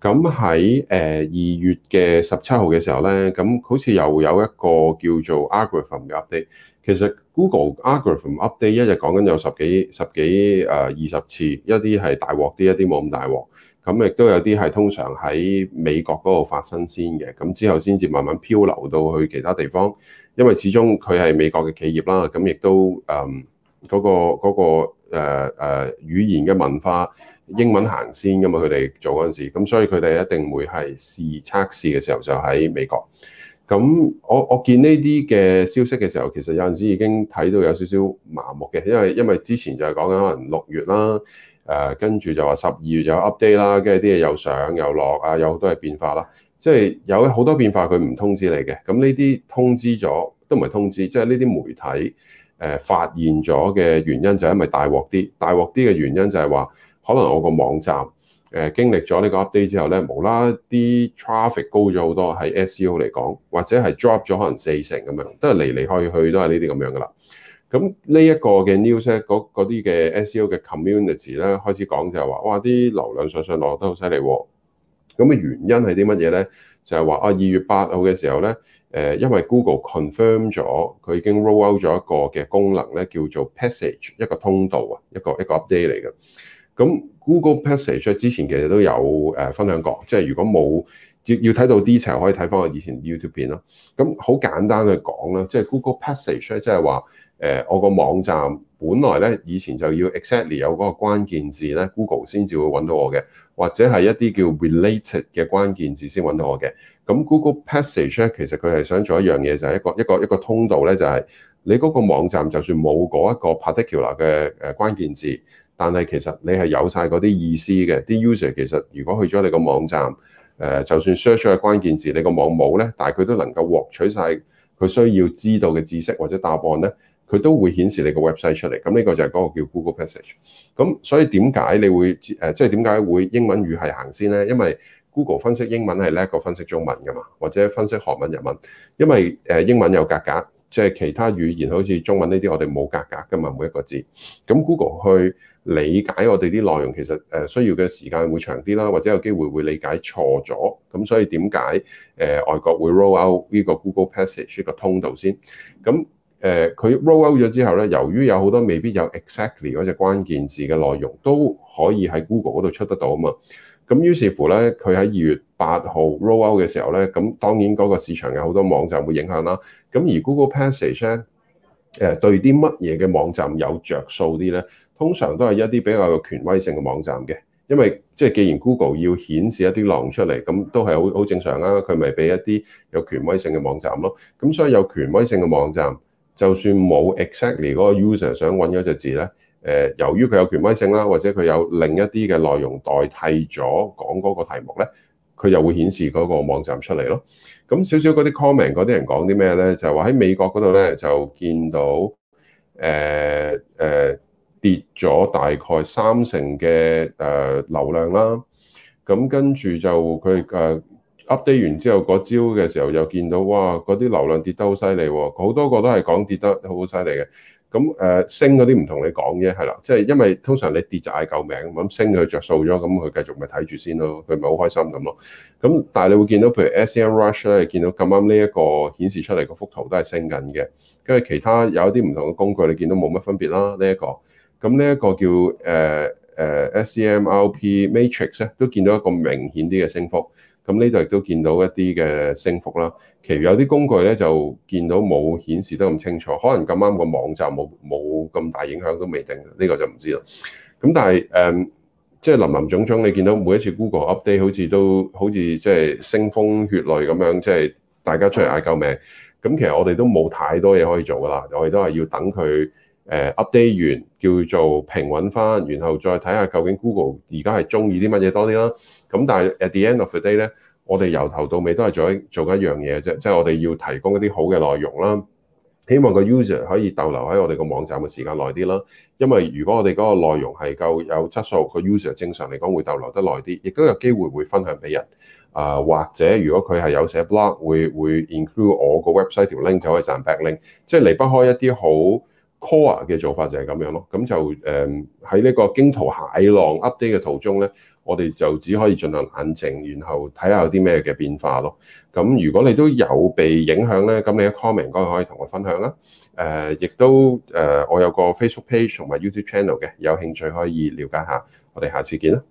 咁喺誒二月嘅十七號嘅時候呢，咁好似又有一個叫做 Algorithm 嘅 update。其實 Google Algorithm update 一日講緊有十幾十幾誒二十次，一啲係大鑊啲，一啲冇咁大鑊。咁亦都有啲係通常喺美國嗰度發生先嘅，咁之後先至慢慢漂流到去其他地方，因為始終佢係美國嘅企業啦。咁亦都誒嗰個嗰個誒誒語言嘅文化。英文行先噶嘛？佢哋做嗰陣時，咁所以佢哋一定會係試測試嘅時候就喺美國。咁我我見呢啲嘅消息嘅時候，其實有陣時已經睇到有少少麻木嘅，因為因為之前就係講緊可能六月啦，誒跟住就話十二月有 update 啦，跟住啲嘢又上又落啊，有好多係變化啦。即係有好多變化，佢唔通知你嘅。咁呢啲通知咗都唔係通知，即係呢啲媒體誒發現咗嘅原因就係因為大鑊啲大鑊啲嘅原因就係話。可能我個網站誒、呃、經歷咗呢個 update 之後咧，無啦啲 traffic 高咗好多喺 SEO 嚟講，或者係 drop 咗可能四成咁樣，都係嚟嚟去去都係呢啲咁樣㗎喇。咁呢一個嘅 news 嗰啲嘅 SEO 嘅 community 咧開始講就係話，哇！啲流量上上落落都好犀利喎。咁嘅原因係啲乜嘢咧？就係、是、話啊，二月八號嘅時候咧，誒、呃，因為 Google confirm 咗佢已經 roll out 咗一個嘅功能咧，叫做 passage 一個通道啊，一個一個 update 嚟嘅。咁 Google Passage 咧，之前其實都有誒分享過，即係如果冇要要睇到 detail 可以睇翻我以前 YouTube 片咯。咁好簡單去講啦，即係 Google Passage 咧，即係話誒，我個網站本來咧，以前就要 exactly 有嗰個關鍵字咧，Google 先至會揾到我嘅，或者係一啲叫 related 嘅關鍵字先揾到我嘅。咁 Google Passage 咧，其實佢係想做一樣嘢，就係一,一個一個一個通道咧，就係你嗰個網站就算冇嗰一個 particular 嘅誒關鍵字。但係其實你係有晒嗰啲意思嘅，啲 user 其實如果去咗你個網站，誒就算 search 嘅關鍵字你個網冇咧，但係佢都能夠獲取晒佢需要知道嘅知識或者答案咧，佢都會顯示你個 website 出嚟。咁呢個就係嗰個叫 Google Passage。咁所以點解你會誒即係點解會英文語係行先咧？因為 Google 分析英文係叻過分析中文㗎嘛，或者分析韓文日文，因為誒英文有格格。即係其他語言，好似中文呢啲，我哋冇格格㗎嘛，每一個字。咁 Google 去理解我哋啲內容，其實誒需要嘅時間會長啲啦，或者有機會會理解錯咗。咁所以點解誒外國會 roll out 呢個 Google Passage 個通道先？咁誒佢 roll out 咗之後咧，由於有好多未必有 exactly 嗰隻關鍵字嘅內容，都可以喺 Google 度出得到啊嘛。咁於是乎咧，佢喺二月八號 roll out 嘅時候咧，咁當然嗰個市場有好多網站會影響啦。咁而 Google Passage 咧，誒、呃、對啲乜嘢嘅網站有着數啲咧？通常都係一啲比較有權威性嘅網站嘅，因為即係、就是、既然 Google 要顯示一啲浪出嚟，咁都係好好正常啦。佢咪俾一啲有權威性嘅網站咯。咁所以有權威性嘅網站，就算冇 exactly 嗰個 user 想揾嗰隻字咧。誒，由於佢有權威性啦，或者佢有另一啲嘅內容代替咗講嗰個題目咧，佢又會顯示嗰個網站出嚟咯。咁少少嗰啲 comment 嗰啲人講啲咩咧？就係話喺美國嗰度咧，就見到誒誒、呃呃、跌咗大概三成嘅誒、呃、流量啦。咁跟住就佢誒 update 完之後嗰朝嘅時候，又見到哇，嗰啲流量跌得好犀利喎，好多個都係講跌得好犀利嘅。咁誒升嗰啲唔同你講嘅係啦，即係因為通常你跌就嗌救命，咁升佢着數咗，咁佢繼續咪睇住先咯，佢咪好開心咁咯。咁但係你會見到，譬如 SEMrush 咧，你見到咁啱呢一個顯示出嚟個幅圖都係升緊嘅，跟住其他有一啲唔同嘅工具，你見到冇乜分別啦。呢一個咁呢一個叫誒誒 SEMRP Matrix 咧，都見到一個明顯啲嘅升幅。咁呢度亦都見到一啲嘅升幅啦，其餘有啲工具咧就見到冇顯示得咁清楚，可能咁啱個網站冇冇咁大影響都未定，呢個就唔知啦。咁但係誒，即係林林總總，你見到每一次 Google update 好似都好似即係腥風血淚咁樣，即係大家出嚟嗌救命。咁其實我哋都冇太多嘢可以做噶啦，我哋都係要等佢。誒 update 完叫做平穩翻，然後再睇下究竟 Google 而家係中意啲乜嘢多啲啦。咁但係 at the end of the day 咧，我哋由頭到尾都係做做緊一樣嘢啫，即係我哋要提供一啲好嘅內容啦。希望個 user 可以逗留喺我哋個網站嘅時間耐啲啦。因為如果我哋嗰個內容係夠有質素，個 user 正常嚟講會逗留得耐啲，亦都有機會會分享俾人啊。或者如果佢係有寫 blog，會會 include 我個 website 條 link 就可以賺 back link，即係離不開一啲好。Core 嘅做法就係咁樣咯，咁就誒喺呢個驚濤駭浪 update 嘅途中咧，我哋就只可以進行冷靜，然後睇下有啲咩嘅變化咯。咁如果你都有被影響咧，咁你一 comment 嗰陣可以同我分享啦。誒、呃，亦都誒，我有個 Facebook page 同埋 YouTube channel 嘅，有興趣可以了解下。我哋下次見啦。